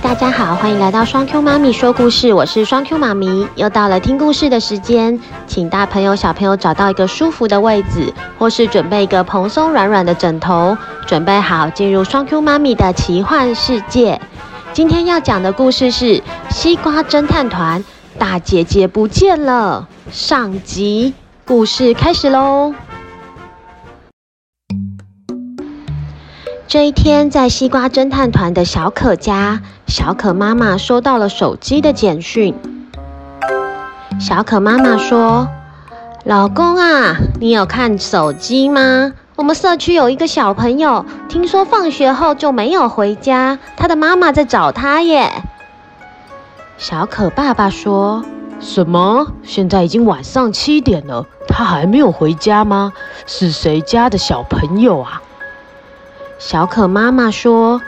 大家好，歡迎來到雙 Q 媽咪說故事，我是雙 Q 媽咪，又到了聽故事的時間，請大朋友、小朋友找到一個舒服的位置，或是準備一個蓬鬆軟軟的枕頭，準備好進入雙 Q 媽咪的奇幻世界。今天要講的故事是《西瓜偵探團大姐姐不見了》上集，故事開始嘍。這一天，在西瓜偵探團的小可家，小可媽媽收到了手機的簡訊。小可媽媽說：“老公啊，你有看手機嗎？我們社區有一個小朋友，聽說放學後就沒有回家，他的媽媽在找他耶。”小可爸爸說：“什麼？現在已經晚上七點了，他還沒有回家嗎？是誰家的小朋友啊？”小可媽媽說：“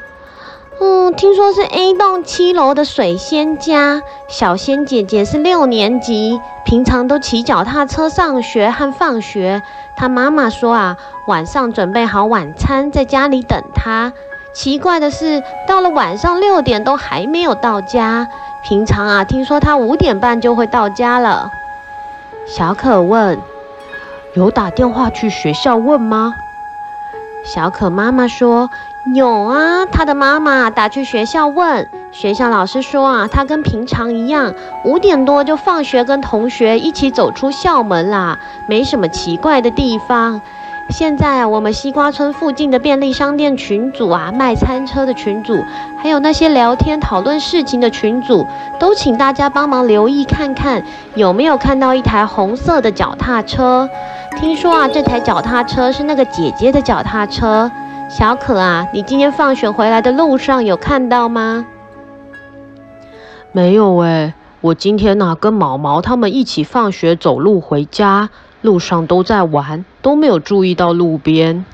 嗯，聽說是 A 棟七樓的水仙家，小仙姐姐是六年級，平常都騎腳踏車上學和放學。她媽媽說啊，晚上準備好晚餐，在家裡等她。奇怪的是，到了晚上六點都還沒有到家。平常啊，聽說她五點半就會到家了。”小可問：“有打電話去學校問嗎？”小可媽媽說：“有啊，她的媽媽打去學校問，學校老師說啊，她跟平常一樣，五點多就放學，跟同學一起走出校門啦，沒什麼奇怪的地方。現在我們西瓜村附近的便利商店群組啊，賣菜車的群組，還有那些聊天討論事情的群組，都請大家幫忙留意看看，有沒有看到一台紅色的腳踏車。”聽說啊，這台腳踏車是那個姐姐的腳踏車。小可啊，你今天放學回來的路上有看到嗎？沒有哎、欸，我今天啊，跟毛毛他們一起放學走路回家，路上都在玩，都沒有注意到路邊。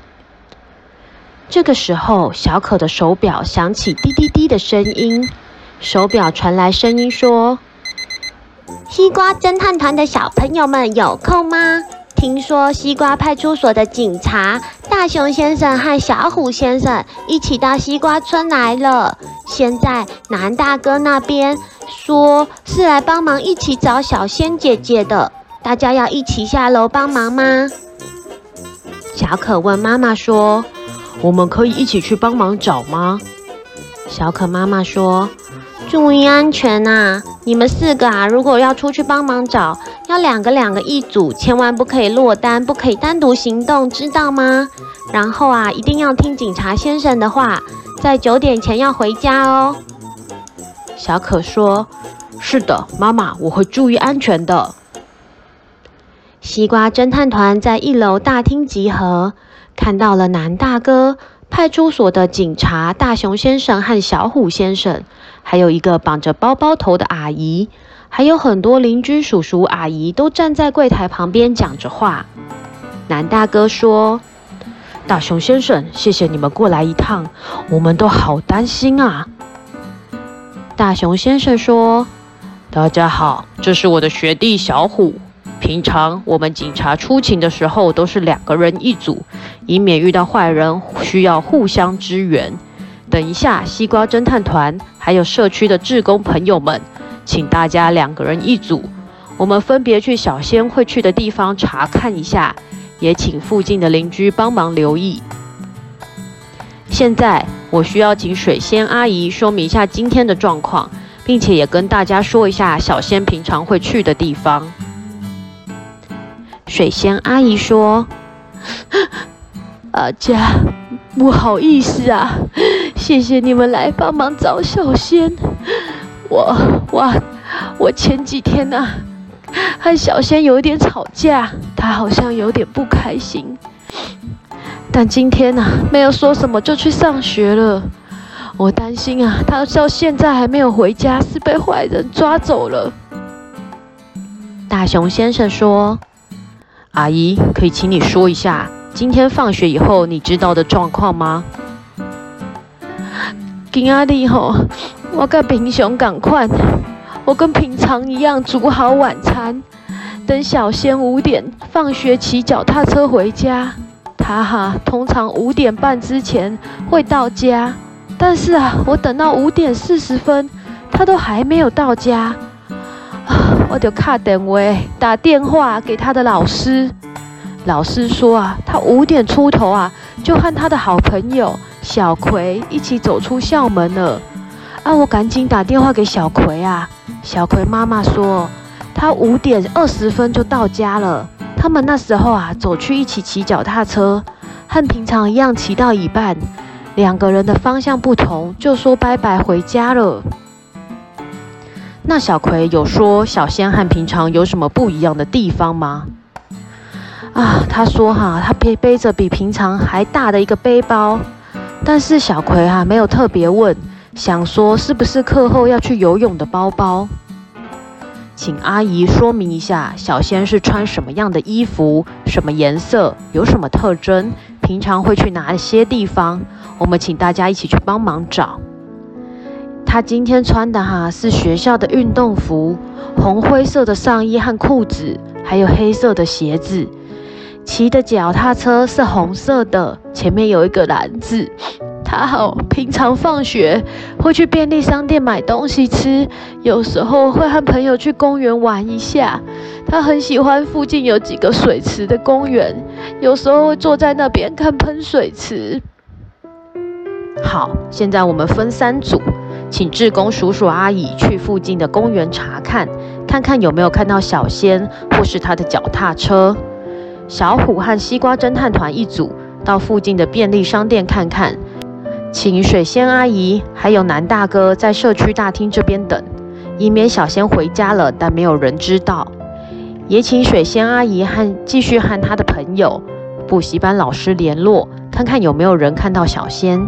這個時候，小可的手表響起滴滴滴的聲音，手表傳來聲音說：“西瓜偵探團的小朋友們有空嗎？”聽說西瓜派出所的警察大熊先生和小虎先生一起到西瓜村來了。現在南大哥那邊說是來幫忙一起找小仙姐姐的，大家要一起下樓幫忙嗎？小可問媽媽說：“我們可以一起去幫忙找嗎？”小可媽媽說。注意安全吶、啊！你們四個啊，如果要出去幫忙找，要兩個兩個一組，千萬不可以落單，不可以單獨行動，知道嗎？然後啊，一定要聽警察先生的話，在九點前要回家哦。小可說：“是的，媽媽，我會注意安全的。”西瓜偵探團在一樓大廳集合，看到了熊大哥。派出所的警察大熊先生和小虎先生，還有一個綁着包包頭的阿姨，還有很多鄰居叔叔阿姨都站在櫃檯旁邊講着話。男大哥說：“大熊先生，謝謝你們過來一趟，我們都好擔心啊。”大熊先生說：“大家好，這是我的學弟小虎。”平常我們警察出勤的時候都是兩個人一組，以免遇到壞人需要互相支援。等一下，西瓜偵探團還有社區的志工朋友們，請大家兩個人一組，我們分別去小仙會去的地方查看一下，也請附近的鄰居幫忙留意。現在我需要請水仙阿姨說明一下今天的狀況，並且也跟大家說一下小仙平常會去的地方。水仙阿姨說：“阿佳、啊，不好意思啊，謝謝你們來幫忙找小仙。我、我、我前幾天呢、啊，和小仙有點吵架，她好像有點不開心。但今天呢、啊，沒有說什麼就去上學了。我擔心啊，她到現在還沒有回家，是被壞人抓走了。”大熊先生說。阿姨，可以請你說一下今天放學以後你知道的狀況嗎？金阿姨吼，我個平雄趕快，我跟平常一樣，常一樣煮好晚餐，等小仙五點放學騎腳踏車回家，他哈、啊，通常五點半之前會到家，但是啊，我等到五點四十分，他都還沒有到家。我就卡電話，打電話給他的老師。老師說啊，他五點出頭啊，就和他的好朋友小葵一起走出校門了。啊，我趕緊打電話給小葵啊。小葵媽媽說，他五點二十分就到家了。他們那時候啊，走去一起騎腳踏車，和平常一樣騎到一半，兩個人的方向不同，就說拜拜回家了。那小葵有說小仙和平常有什麼不一樣的地方嗎？啊，他說哈、啊，他背背着比平常還大的一個背包，但是小葵哈、啊、沒有特別問，想說是不是課後要去游泳的包包？請阿姨說明一下，小仙是穿什麼樣的衣服，什麼顏色，有什麼特徵，平常會去哪些地方？我們請大家一起去幫忙找。他今天穿的哈、啊、是學校的運動服，紅灰色的上衣和褲子，還有黑色的鞋子。騎的腳踏車是紅色的，前面有一個籃子。他好平常放學會去便利商店買東西吃，有時候會和朋友去公園玩一下。他很喜歡附近有幾個水池的公園，有時候會坐在那邊看噴水池。好，現在我們分三組。請志工叔叔阿姨去附近的公園查看，看看有沒有看到小仙或是他的腳踏車。小虎和西瓜偵探團一組到附近的便利商店看看。請水仙阿姨還有男大哥在社區大廳這邊等，以免小仙回家了但沒有人知道。也請水仙阿姨和繼續和他的朋友、補習班老師聯絡，看看有沒有人看到小仙。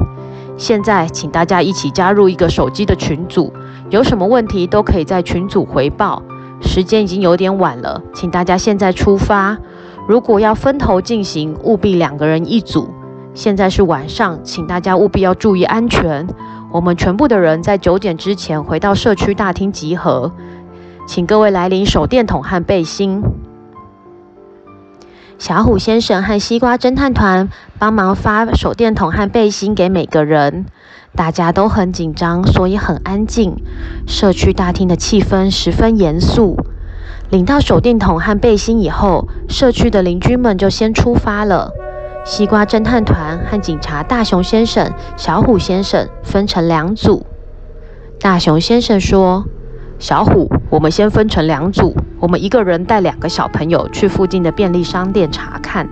現在，請大家一起加入一個手機的群組，有什麼問題都可以在群組回報。時間已經有點晚了，請大家現在出發。如果要分頭進行，務必兩個人一組。現在是晚上，請大家務必要注意安全。我們全部的人在九點之前回到社區大廳集合，請各位來領手電筒和背心。小虎先生和西瓜偵探團幫忙發手電筒和背心給每個人，大家都很緊張，所以很安靜。社區大廳的氣氛十分嚴肅。領到手電筒和背心以後，社區的鄰居們就先出發了。西瓜偵探團和警察大熊先生、小虎先生分成兩組。大熊先生說：“小虎。”我們先分成兩組，我們一個人帶兩個小朋友去附近的便利商店查看。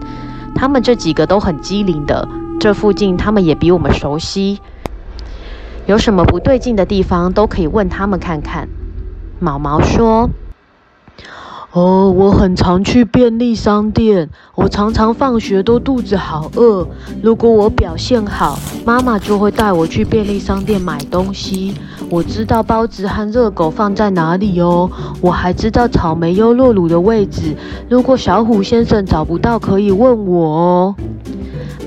他們這幾個都很機靈的，這附近他們也比我們熟悉，有什麼不對勁的地方都可以問他們看看。毛毛說。哦，oh, 我很常去便利商店。我常常放學都肚子好餓。如果我表現好，媽媽就會帶我去便利商店買東西。我知道包子和熱狗放在哪裡哦。我還知道草莓優酪乳的位置。如果小虎先生找不到，可以問我。哦，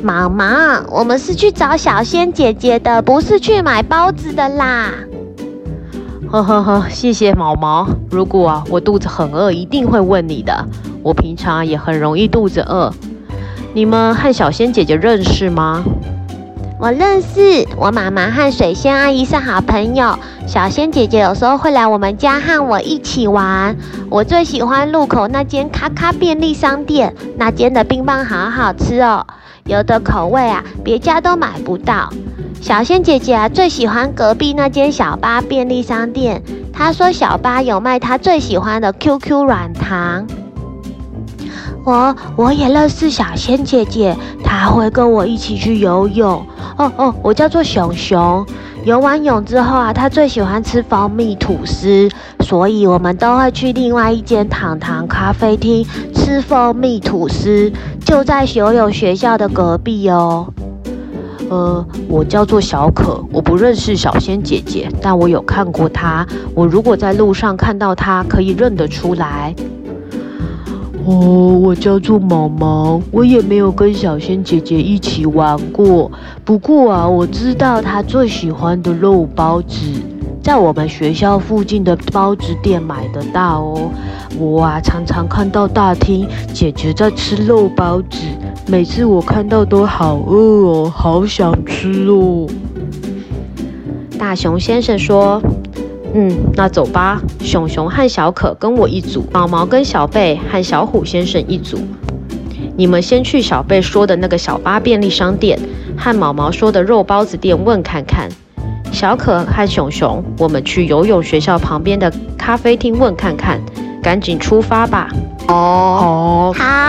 媽媽，我們是去找小仙姐姐的，不是去買包子的啦。呵呵呵，謝謝毛毛。如果啊，我肚子很餓，一定會問你的。我平常也很容易肚子餓。你們和小仙姐姐認識嗎？我認識，我媽媽和水仙阿姨是好朋友。小仙姐姐有時候會來我們家和我一起玩。我最喜歡路口那間咔咔便利商店，那間的冰棒好好吃哦，有的口味啊，別家都買不到。小仙姐姐啊，最喜歡隔壁那間小巴便利商店，她說小巴有賣她最喜歡的 QQ 軟糖。我我也認識小仙姐姐，她會跟我一起去游泳。哦哦，我叫做熊熊。游完泳之後啊，她最喜歡吃蜂蜜吐司，所以我們都會去另外一間糖糖咖啡廳吃蜂蜜吐司，就在游泳學校的隔壁哦。呃，我叫做小可，我不認識小仙姐姐，但我有看過她。我如果在路上看到她，可以認得出來。哦，我叫做毛毛，我也沒有跟小仙姐姐一起玩過。不過啊，我知道她最喜歡的肉包子，在我們學校附近的包子店買得到哦。我啊，常常看到大姊姊在吃肉包子。每次我看到都好餓哦，好想吃哦。大熊先生說：“嗯，那走吧。熊熊和小可跟我一組，毛毛跟小貝和小虎先生一組。你們先去小貝說的那個小巴便利商店和毛毛說的肉包子店問看看。小可和熊熊，我們去游泳學校旁邊的咖啡廳問看看。趕緊出發吧。”哦好。好。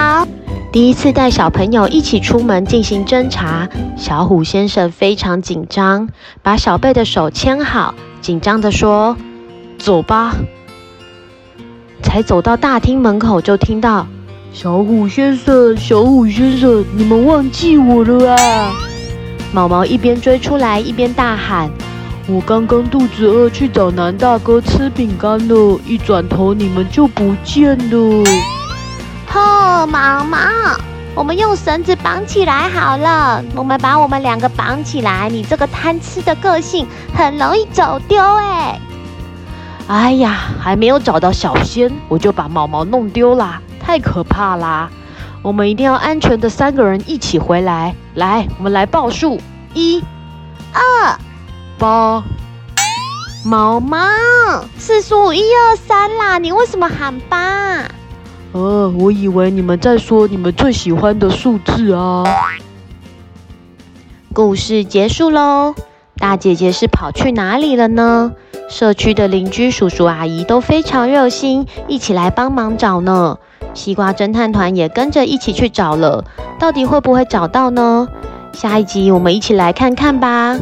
第一次帶小朋友一起出門進行偵查，小虎先生非常緊張，把小貝的手牽好，緊張地說：“走吧。”才走到大廳門口，就聽到：“小虎先生，小虎先生，你們忘記我了啊！”毛毛一邊追出來，一邊大喊：“我剛剛肚子餓，去找男大哥吃餅乾了，一轉頭你們就不見了。”毛毛，我們用繩子綁起來好了。我們把我們兩個綁起來。你這個貪吃的個性，很容易走丟哎。哎呀，還沒有找到小仙，我就把毛毛弄丟了，太可怕啦！我們一定要安全的三個人一起回來。來，我們來報數：一、二、八。毛毛，四十五，一二三啦，你為什麼喊八啊？哦，我以為你們在說你們最喜歡的數字啊。故事結束嘍，大姐姐是跑去哪裡了呢？社區的鄰居叔叔阿姨都非常熱心，一起來幫忙找呢。西瓜偵探團也跟着一起去找了，到底會不會找到呢？下一集我們一起來看看吧。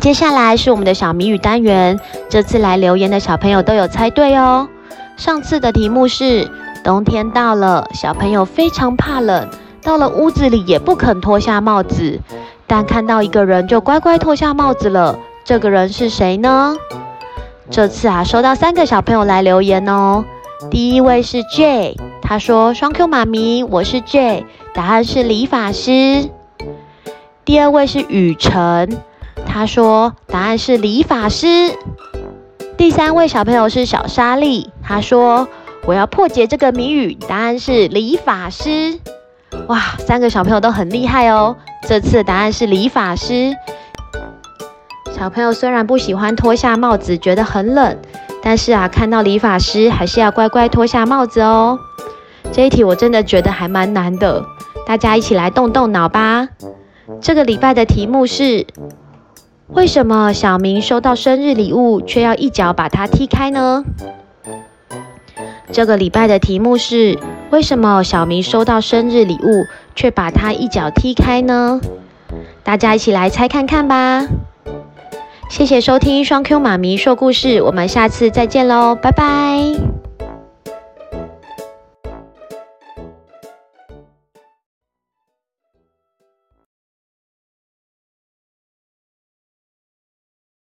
接下來是我們的小謎語單元，這次來留言的小朋友都有猜對哦。上次的題目是：冬天到了，小朋友非常怕冷，到了屋子裡也不肯脫下帽子，但看到一個人就乖乖脫下帽子了。這個人是誰呢？這次啊，收到三個小朋友來留言哦。第一位是 J，他說：“雙 Q 媽咪，我是 J，答案是理髮師。”第二位是雨辰，他說：“答案是理髮師。”第三位小朋友是小莎莉，他說：“我要破解這個謎語，答案是理髮師。”哇，三個小朋友都很厲害哦。這次的答案是理髮師。小朋友雖然不喜歡脫下帽子，覺得很冷，但是啊，看到理髮師還是要乖乖脫下帽子哦。這一題我真的覺得還蠻難的，大家一起來動動腦吧。這個禮拜的題目是。為什麼小明收到生日禮物卻要一腳把它踢開呢？這個禮拜的題目是：為什麼小明收到生日禮物卻把它一腳踢開呢？大家一起來猜看看吧！謝謝收聽雙 Q 媽咪說故事，我們下次再見嘍，拜拜。